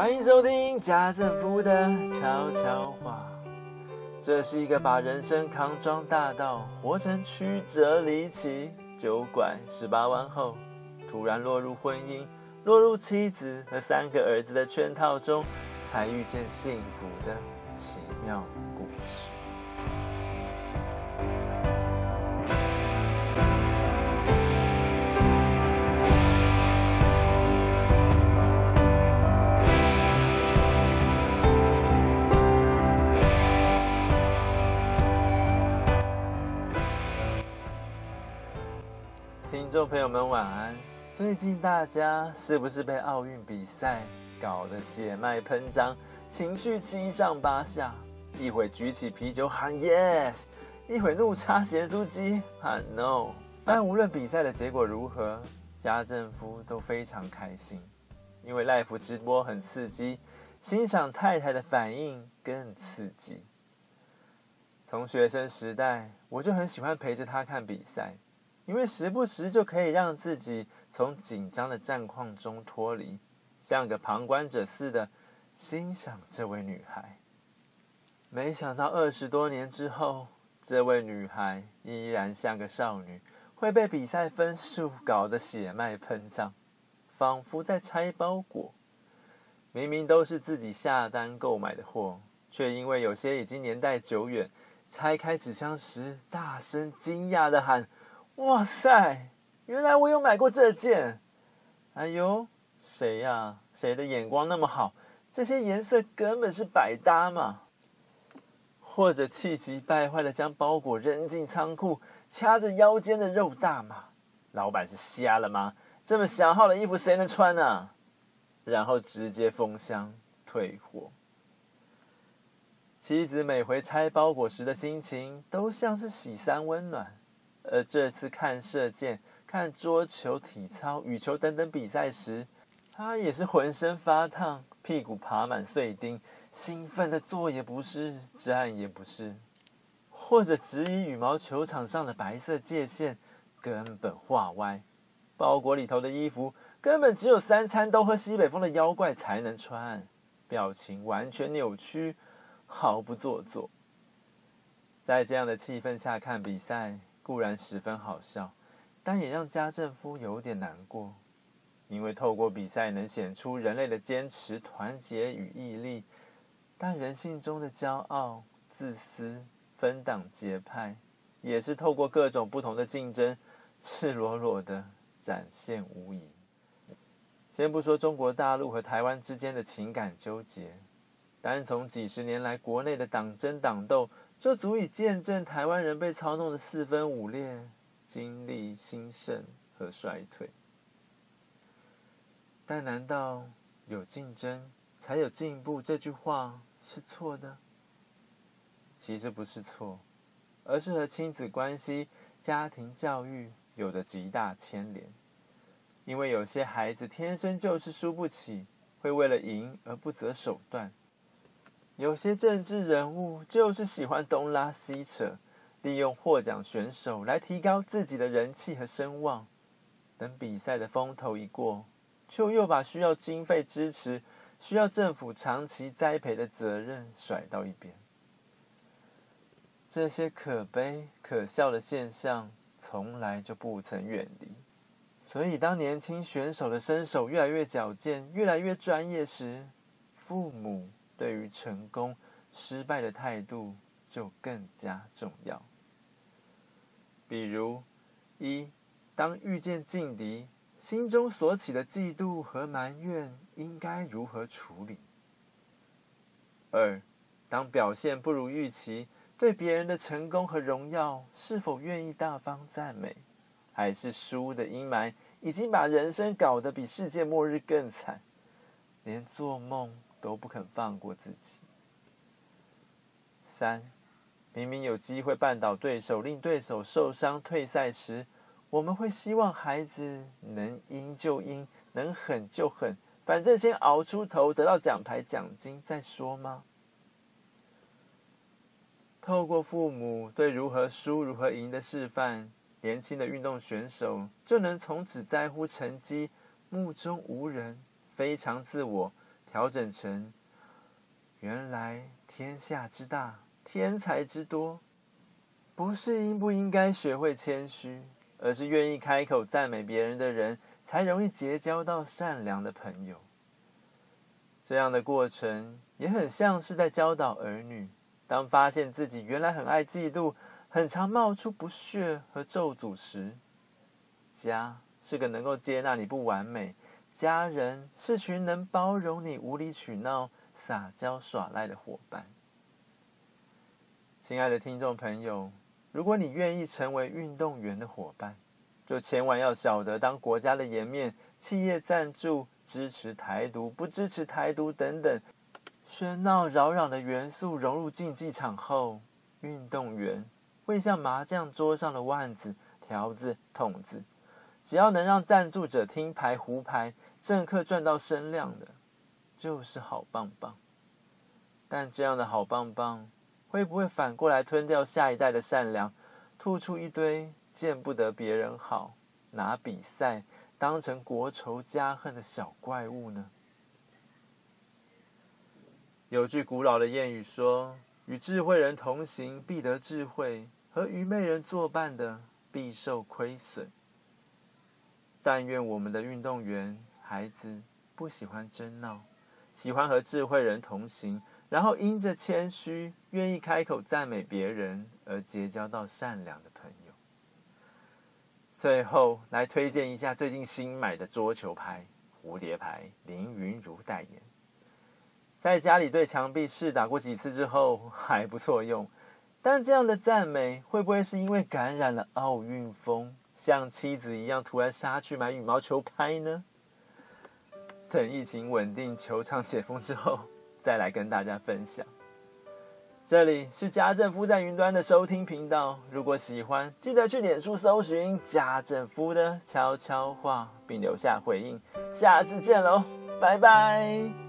歡迎收聽家政夫的悄悄話。這是一個把人生康莊大道活成曲折離奇、九拐十八彎後，突然落入婚姻、落入妻子和三個兒子的圈套中，才遇見幸福的奇妙的故事。觀眾朋友們晚安。最近大家是不是被奧運比賽搞得血脈噴張，情緒七上八下？一會舉起啤酒喊 Yes，一會怒插斜書機喊 No。但無論比賽的結果如何，家政夫都非常開心，因為 Live 直播很刺激，欣賞太太的反應更刺激。從學生時代，我就很喜歡陪着他看比賽。因為時不時就可以讓自己從緊張的戰況中脫離，像個旁觀者似的欣賞這位女孩。沒想到二十多年之後，這位女孩依然像個少女，會被比賽分數搞得血脈噴張，仿佛在拆包裹。明明都是自己下單購買的貨，卻因為有些已經年代久遠，拆開紙箱時大聲驚訝地喊。哇塞！原來我有買過這件。哎呦，誰呀、啊？誰的眼光那麼好？這些顏色根本是百搭嘛。或者氣急敗壞的將包裹扔進倉庫，掐着腰間的肉大罵。老闆是瞎了嗎？這麼小號的衣服誰能穿啊？然後直接封箱退貨。妻子每回拆包裹時的心情，都像是洗三溫暖。而這次看射箭、看桌球、體操、羽球等等比賽時，他也是渾身發燙，屁股爬滿碎釘，興奮的坐也不是，站也不是，或者只以羽毛球場上的白色界限根本畫歪，包裹裡頭的衣服根本只有三餐都喝西北風的妖怪才能穿，表情完全扭曲，毫不做作，在這樣的氣氛下看比賽，固然十分好笑，但也讓家政夫有點難過，因為透過比賽能顯出人類的堅持、團結與毅力，但人性中的驕傲、自私、分黨結派，也是透過各種不同的競爭，赤裸裸的展現無遺。先不說中國大陸和台灣之間的情感糾結，單從幾十年來國內的黨爭黨鬥。這足以見證台灣人被操弄得四分五裂，經歷興盛和衰退。但難道有競爭才有進步這句話是錯的？其實不是錯，而是和親子關係、家庭教育有着極大牽連。因為有些孩子天生就是輸不起，會為了贏而不擇手段。有些政治人物就是喜歡東拉西扯，利用獲獎選手來提高自己的人氣和聲望。等比賽的風頭一過，就又把需要經費支持、需要政府長期栽培的責任甩到一邊。這些可悲可笑的現象從來就不曾遠離。所以，當年輕選手的身手越來越矯健、越來越專業時，父母，對於成功、失敗的態度就更加重要。比如，一、當遇見勁敵，心中所起的嫉妒和埋怨應該如何處理？二、當表現不如預期，對別人的成功和榮耀是否願意大方讚美？還是輸的陰霾已經把人生搞得比世界末日更慘，連做夢？都不肯放過自己。三，明明有機會絆倒對手，令對手受傷退賽時，我們會希望孩子能陰就陰，能狠就狠，反正先熬出頭，得到獎牌獎金再說嗎？透過父母對如何輸、如何贏的示範，年輕的運動選手就能從此在乎成績，目中無人，非常自我。調整成，原來天下之大，天才之多，不是應不應該學會謙虛，而是願意開口讚美別人的人，才容易結交到善良的朋友。這樣的過程也很像是在教導兒女，當發現自己原來很愛嫉妒，很常冒出不屑和咒詛時，家是個能夠接納你不完美。家人是群能包容你無理取鬧、撒嬌耍賴的夥伴。親愛的聽眾朋友，如果你願意成為運動員的夥伴，就千萬要曉得，當國家的顏面、企業贊助、支持台獨、不支持台獨等等喧鬧擾攘的元素融入競技場後，運動員會像麻將桌上的萬子、條子、筒子，只要能讓贊助者聽牌、胡牌。政客賺到聲量的，就是好棒棒。但這樣的好棒棒，會不會反過來吞掉下一代的善良，吐出一堆見不得別人好，拿比賽當成國仇家恨的小怪物呢？有句古老的諺語說：“與智慧人同行，必得智慧；和愚昧人作伴的，必受虧損。”但願我們的運動員。孩子不喜歡爭鬧，喜歡和智慧人同行，然後因着謙虛，願意開口讚美別人，而結交到善良的朋友。最後來推薦一下最近新買的桌球拍——蝴蝶牌，林昀儒代言。在家裡對牆壁試打過幾次之後，還不錯用。但這樣的讚美，會不會是因為感染了奧運風，像妻子一樣突然殺去買羽毛球拍呢？等疫情穩定、球場解封之後，再來跟大家分享。這裡是家政夫在雲端的收聽頻道。如果喜歡，記得去臉書搜尋家政夫的悄悄話，並留下回應。下次見嘍，拜拜。